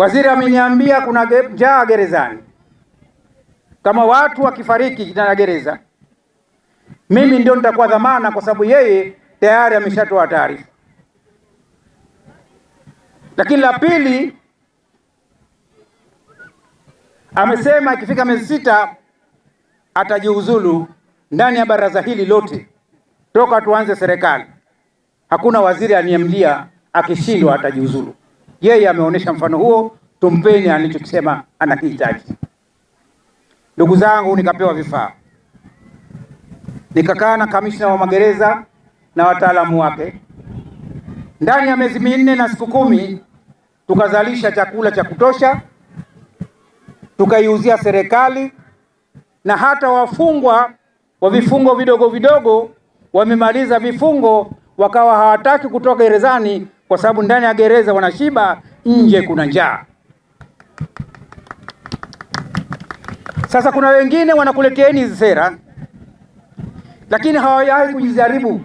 Waziri ameniambia kuna njaa gerezani, kama watu wakifariki ndani ya gereza, mimi ndio nitakuwa dhamana, kwa sababu yeye tayari ameshatoa taarifa. Lakini la pili, amesema ikifika miezi sita atajiuzulu. Ndani ya baraza hili lote toka tuanze serikali hakuna waziri aliyemlia akishindwa atajiuzulu. Yeye ameonyesha mfano huo, tumpeni alichokisema anakihitaji. Ndugu zangu, nikapewa vifaa, nikakaa na kamishna wa magereza na wataalamu wake. Ndani ya miezi minne na siku kumi tukazalisha chakula cha kutosha, tukaiuzia serikali na hata wafungwa wa vifungo vidogo vidogo wamemaliza vifungo, wakawa hawataki kutoka gerezani kwa sababu ndani ya gereza wanashiba, nje kuna njaa. Sasa kuna wengine wanakuleteeni hizi sera, lakini hawayahi kujijaribu.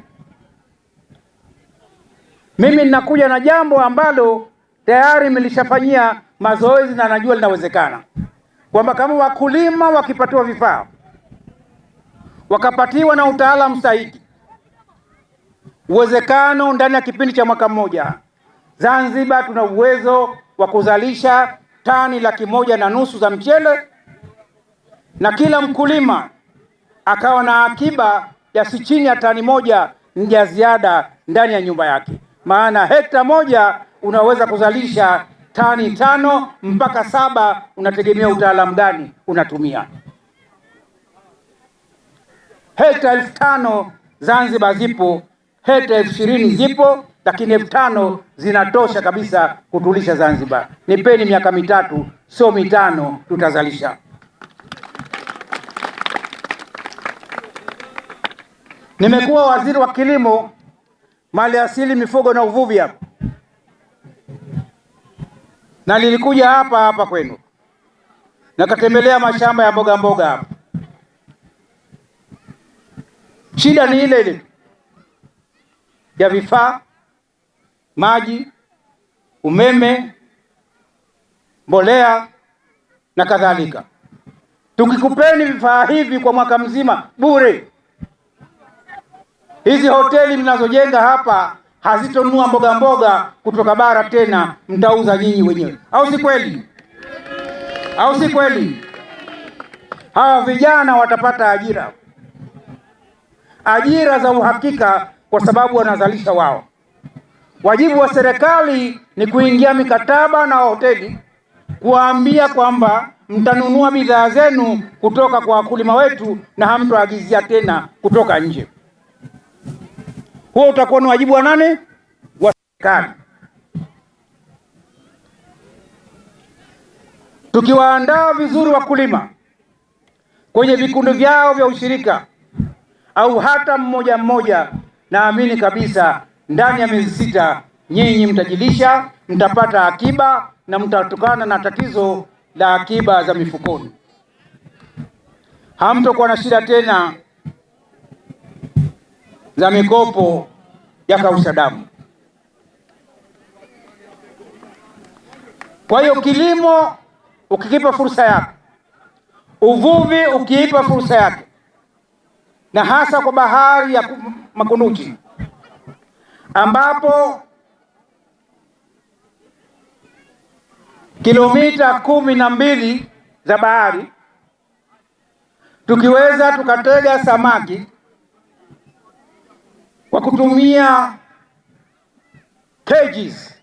Mimi ninakuja na jambo ambalo tayari mlishafanyia mazoezi na najua linawezekana, kwamba kama wakulima wakipatiwa vifaa wakapatiwa na utaalamu stahiki uwezekano ndani ya kipindi cha mwaka mmoja Zanzibar tuna uwezo wa kuzalisha tani laki moja na nusu za mchele na kila mkulima akawa na akiba ya si chini ya tani moja ya ziada ndani ya nyumba yake, maana hekta moja unaweza kuzalisha tani tano mpaka saba, unategemea utaalamu gani unatumia. Hekta elfu tano Zanzibar zipo heta elfu ishirini zipo, lakini elfu tano zinatosha kabisa kutulisha Zanzibar. Nipeni miaka mitatu, sio mitano, tutazalisha. Nimekuwa waziri wa kilimo, mali asili, mifugo na uvuvi hapa na nilikuja hapa hapa kwenu nakatembelea mashamba ya mboga mboga hapa. Shida ni ile ile ya vifaa, maji, umeme, mbolea na kadhalika. Tukikupeni vifaa hivi kwa mwaka mzima bure, hizi hoteli mnazojenga hapa hazitonua mboga mboga kutoka bara tena, mtauza nyinyi wenyewe, au si kweli? Au si kweli? Hawa vijana watapata ajira, ajira za uhakika kwa sababu wanazalisha wao. Wajibu wa serikali ni kuingia mikataba na hoteli kuwaambia kwamba mtanunua bidhaa zenu kutoka kwa wakulima wetu na hamtoagizia tena kutoka nje. Huo utakuwa ni wajibu wa nane wa serikali. Tukiwaandaa vizuri wakulima kwenye vikundi vyao vya ushirika au hata mmoja mmoja Naamini kabisa ndani ya miezi sita nyinyi mtajilisha, mtapata akiba na mtatokana na tatizo la akiba za mifukoni. Hamtokuwa na shida tena za mikopo ya kausha damu. Kwa hiyo kilimo ukikipa fursa yake, uvuvi ukiipa fursa yake, na hasa kwa bahari ya Makunduchi ambapo kilomita kumi na mbili za bahari tukiweza tukatega samaki kwa kutumia cages,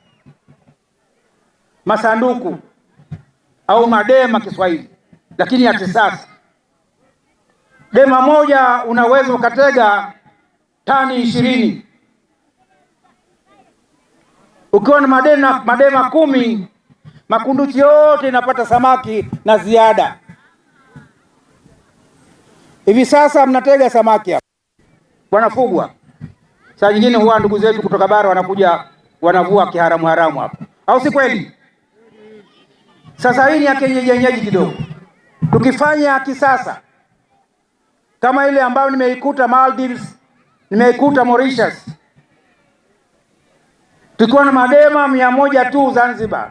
masanduku au madema Kiswahili, lakini ya kisasa. Dema moja unaweza ukatega tani ishirini. Ukiwa na madema, madema kumi, Makunduchi yote inapata samaki na ziada. Hivi sasa mnatega samaki hapa wanafugwa, saa nyingine huwa ndugu zetu kutoka bara wanakuja wanavua kiharamu haramu hapa, au si kweli? Sasa hii ni ya kienyeji kidogo, tukifanya kisasa kama ile ambayo nimeikuta Maldives nimeikuta Mauritius tukiwa na madema mia moja tu Zanzibar.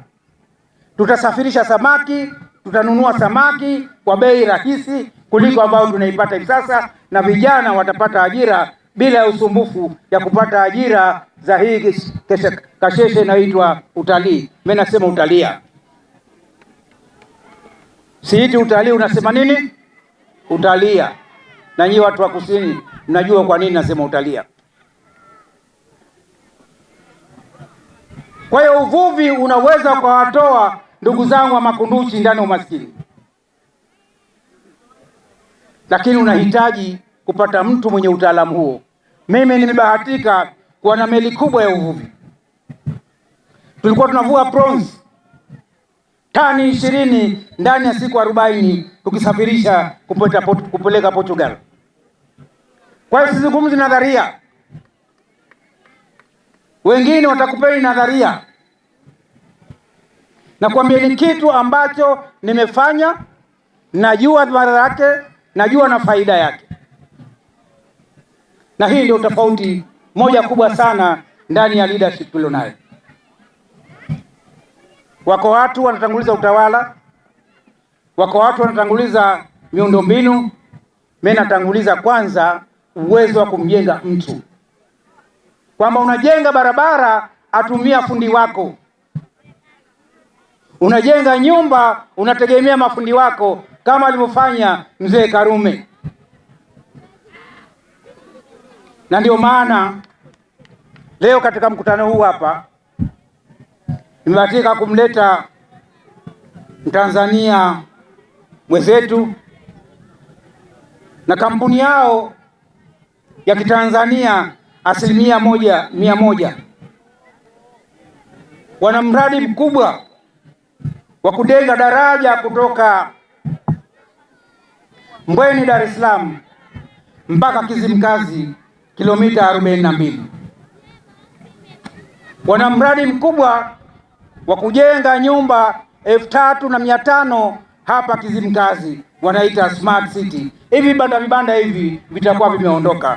Tutasafirisha samaki, tutanunua samaki kwa bei rahisi kuliko ambayo tunaipata hivi sasa, na vijana watapata ajira bila ya usumbufu ya kupata ajira za hii kasheshe inayoitwa utalii. Mimi nasema utalia, siiti utalii. Unasema nini? Utalia na nyinyi watu wa kusini Mnajua kwa nini nasema utalia? Kwa hiyo uvuvi unaweza ukawatoa ndugu zangu wa Makunduchi ndani ya umaskini, lakini unahitaji kupata mtu mwenye utaalamu huo. Mimi nimebahatika kuwa na meli kubwa ya uvuvi, tulikuwa tunavua prawns tani ishirini ndani ya siku arobaini tukisafirisha kupeleka Portugal. Kwa hiyo sizungumzi nadharia, wengine watakupeni nadharia na kuambia ni kitu ambacho nimefanya, najua madhara yake, najua na faida yake. Na hii ndio tofauti moja kubwa sana ndani ya leadership tulionayo. Wako watu wanatanguliza utawala, wako watu wanatanguliza miundombinu. Mimi natanguliza kwanza uwezo wa kumjenga mtu, kwamba unajenga barabara atumia fundi wako, unajenga nyumba unategemea mafundi wako, kama alivyofanya mzee Karume. Na ndio maana leo katika mkutano huu hapa nimebahatika kumleta Mtanzania mwenzetu na kampuni yao ya Kitanzania asilimia moja mia moja. Wana mradi mkubwa wa kujenga daraja kutoka Mbweni Dar es Salaam mpaka Kizimkazi kilomita 42. Wana mradi mkubwa wa kujenga nyumba elfu tatu na mia tano hapa Kizimkazi wanaita smart city. Hivi vibanda vibanda hivi vitakuwa vimeondoka.